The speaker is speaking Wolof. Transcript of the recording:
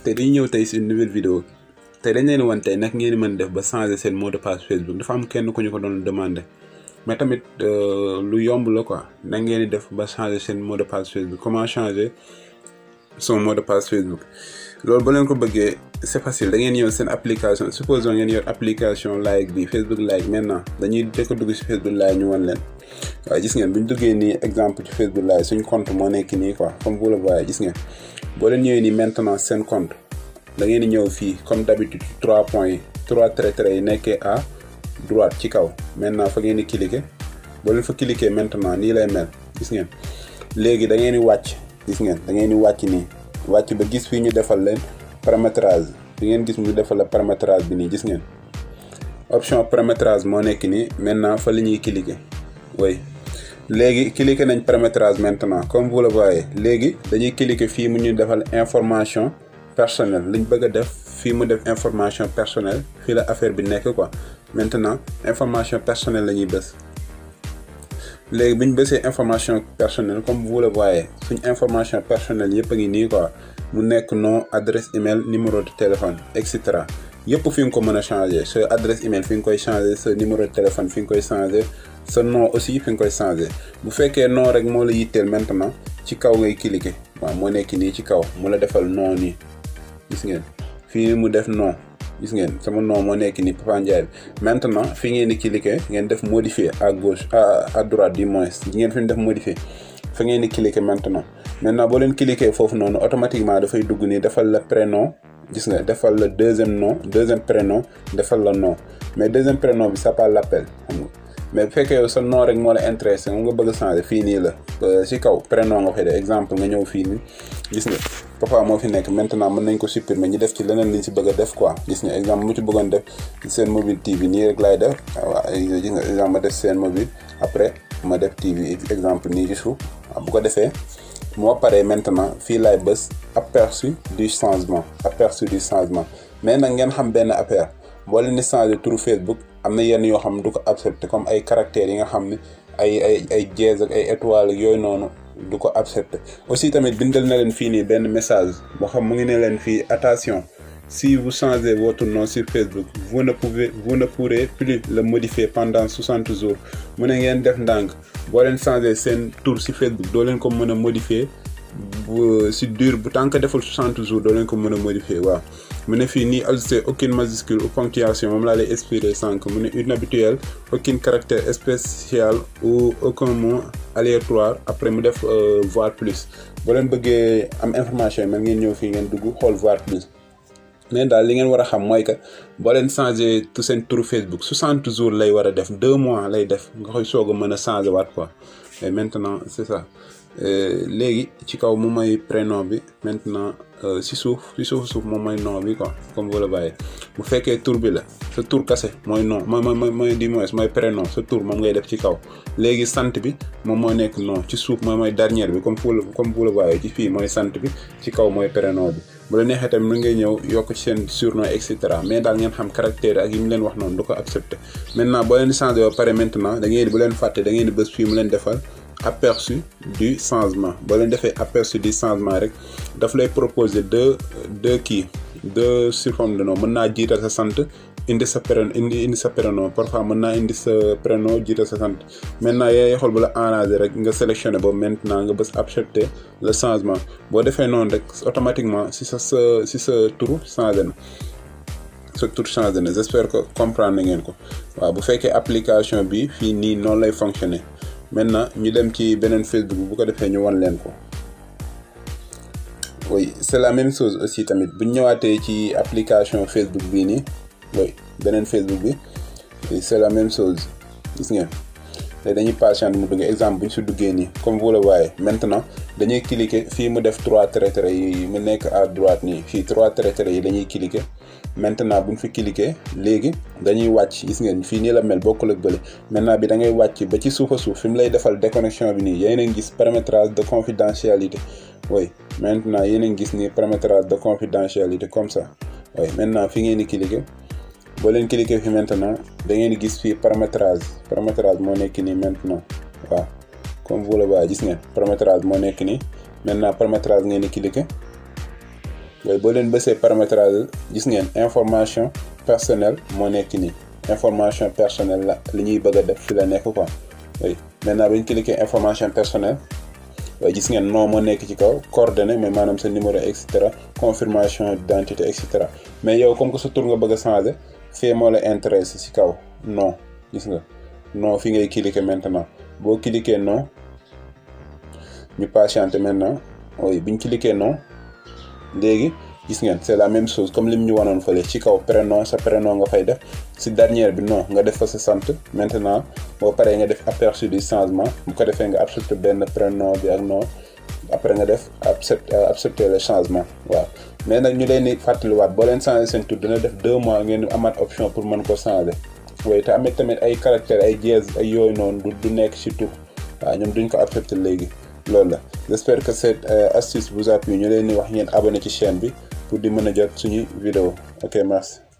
te dañu ñëw tey si une nouvelle vidéo tey dañ leen wantee tey nag ngeen mën def ba changer seen mot de passe Facebook dafa am kenn ku ñu ko doon demandé mais tamit euh, lu yomb la ko na ngeen di def ba changer seen mot de passe Facebook comment changer son mot de passe Facebook loolu ba leen ko bëggee c'est facile da ngeen ñëw seen application supposons ngeen yor application like bi Facebook like maintenant dañuy dëkk dugg si Facebook like ñu wan leen. waaye gis ngeen bu ñu duggee nii exemple ci Facebook live suñ compte moo nekk nii quoi comme vous le gis ngeen boo leen ñëwee nii maintenant seen compte da ngeen di ñëw fii comme d'habitude trois points yi trois traits traits yi nekkee à droite ci kaw maintenant fa ngeen di cliquer boo leen fa cliquer maintenant nii lay mel gis ngeen léegi da di wàcc gis ngeen da ngeen di wàcc nii wàcc ba gis fii ñu defal leen paramétrage bi ngeen gis mu defal la paramétrage bi nii gis ngeen option paramétrage moo nekk nii maintenant fa la ñuy cliquer way léegi cliquer nañ paramétrage maintenant comme vous le voyez dañuy cliquer mu ñu information personnelle liñ bëgg def mu def information personnelle la quoi maintenant information personnelle les information personnelle comme vous le voyez suñ information personnelle ngi quoi mu nekk nom adresse email numéro de téléphone etc. ko changer adresse email fi numéro de téléphone seulement nom aussi fi koy vous faites que nom rek le la maintenant ci kaw ngay cliquer ci kaw defal nom gis vous avez def nom gis sama nom Papa maintenant fi vous cliquer modifier à gauche à droite du moins Vous fi modifier Vous cliquer maintenant maintenant vous cliquer non, automatiquement defal le prénom gis defal le deuxième nom deuxième prénom defal le nom mais deuxième prénom ça pas l'appel mais bu fekkee yow sa nom rek moo la intéressé moom nga bëgg a changé fii nii la si kaw prénom nga waxee de exemple nga ñëw fii nii gis nga papa moo fi nekk maintenant mën nañ ko supprimer ñu def ci leneen liñ si bëgg a def quoi gis nga exemple mu ci bëggoon def seen mobile TV nii rek laay def waaw gis nga exemple ma def seen mobile après ma def TV exemple nii ci suuf bu ko defee moo paree maintenant fii laay bës aperçu du changement aperçu du changement mais nag ngeen xam benn affaire. boo leen di changer Facebook amna yenn yo xam ne accepter comme ay caractère yi nga xam ay ay ay dièse ak ay étoiles yooyu noonu du ko accepté aussi tamit bindal na len fii nii message bo xam mu ngi ne len fi attention si vous changez votre nom sur Facebook vous ne pouvez vous ne pourrez plus le modifier pendant 60 jours mu ne ngeen def ndànk boo leen changer sen tur si Facebook do len ko meuna modifier. bu si dur bu tant que deful 60 jours doo leen ko mën a modifier waaw mu ne fii nii ajouter aucune majuscule ou ponctuation moom laa lay expliquer sànq mu ne inhabituel aucun caractère spécial ou aucun mot aléatoire après mu def euh, voir plus boo leen bëggee am information yi man ngeen ñëw fii ngeen dugg xool voir plus mais daal li ngeen war a xam mooy que boo leen changé tout seen turu Facebook 60 jours lay war a def deux mois lay def nga koy soog a mën a changé waat quoi et maintenant c'est ça euh, légui ci kaw mu may prénom bi maintenant euh, si souf si souf souf moom may nom bi quoi comme vous le voyez bu fekkee tour bi la ce tour cassé moy nom moy moy moy du moins moy prénom ce tour moom ngay def ci kaw légui sante bi mom mo nek nom ci souf mooy mooy dernière bi comme vous comme vous le voyez ci fi moy sante bi ci kaw moy prénom bi bu la nexé tam mën ngay ñew yok ci sen surnom et cetera mais dal ñen xam caractère ak yim leen wax non du ko accepté maintenant bo leen changer paré maintenant da ngay bu leen faté da ngay di bés leen defal aperçu du changement bo le defé aperçu du changement rek daf lay proposer deux deux qui deux forme de nom mën naa 60, sa sant indi sa prénom indi indi sa prénom parfois mën naa indi sa prénom jita sa sant maintenant yaay xol bu la arrangé rek nga sélectionner bo maintenant nga bës accepter le changement bo defé non, rek automatiquement si sa sa si sa tur changé na sa tur changé na j'espère que comprendre na ngeen ko wa bu fekkee application bi fii nii noonu lay fonctionner. maintenant ñu dem ci beneen facebook bu ko defee ñu wan leen ko oui c'est la même chose aussi tamit bu ñu ñëwaatee ci application facebook bii nii beneen facebook bi c'est la même chose gis ngeen léegi dañuy patiente mu dugg exemple bu ñu si duggee nii comme vous le voyez maintenant dañuy cliquer fii mu def trois traits yi mu nekk à droite nii fii trois traits yi dañuy cliquer bu buñ fi cliquer léegi dañuy wàcc gis ngeen fii nii bokkul ak bële maintenant bi da ngay wàcc ba ci suuf a fi mu lay defal déconnexion bi nii yéen a ngi gis paramétrage de confidentialité oui maintenant yéen a ngi gis ni paramétrage de confidentialité comme ça oui maintenant fi ngeen di cliquer boo leen cliquer fi maintenant da ngeen gis fii paramétrage paramétrage moo nekk nii maintenant waa comme vous le voyez gis ngeen paramétrage moo nekk nii maintenant paramétrage ngeen di cliquer yooyu boo leen bësee paramétrage gis ngeen information personnel moo nekk nii information personnel la li ñuy bëgg a def fi la nekk quoi oui maintenant bu ñu information personnelle waaye gis ngeen nom moo nekk ci kaw coordonnées mais maanaam sa numéro et cetera confirmation d'identité et mais yow comme que sa tour nga bëgg a changer moo la intéressé ci kaw non gis nga non fi ngay cliquer ñu patienter maintenant oui bi ñu cliqué non légui gis ngeen c'est la même chose comme lim ñu wanoon fële ci kaw prénom sa prénom nga fay def ci dernière bi non nga def fa sa sant maintenant bo paré nga def aperçu du changement bu ko défé nga accepter ben prénom bi ak non après nga def accepté euh, accepter le changement waaw mais nag ñu leen di wat bo leen changer sen tur dina def 2 mois ngeen amat option pour mën ko changer way te amé tamit ay caractère ay dièse ay yoy non du du nekk ci tur waaw ñoom duñ ko accepter légui loolu la j'espère que cette euh, astuce vous a plu ñu leen di wax ngeen abonné ci chaîne bi pour di mën a jot suñu vidéo ok merci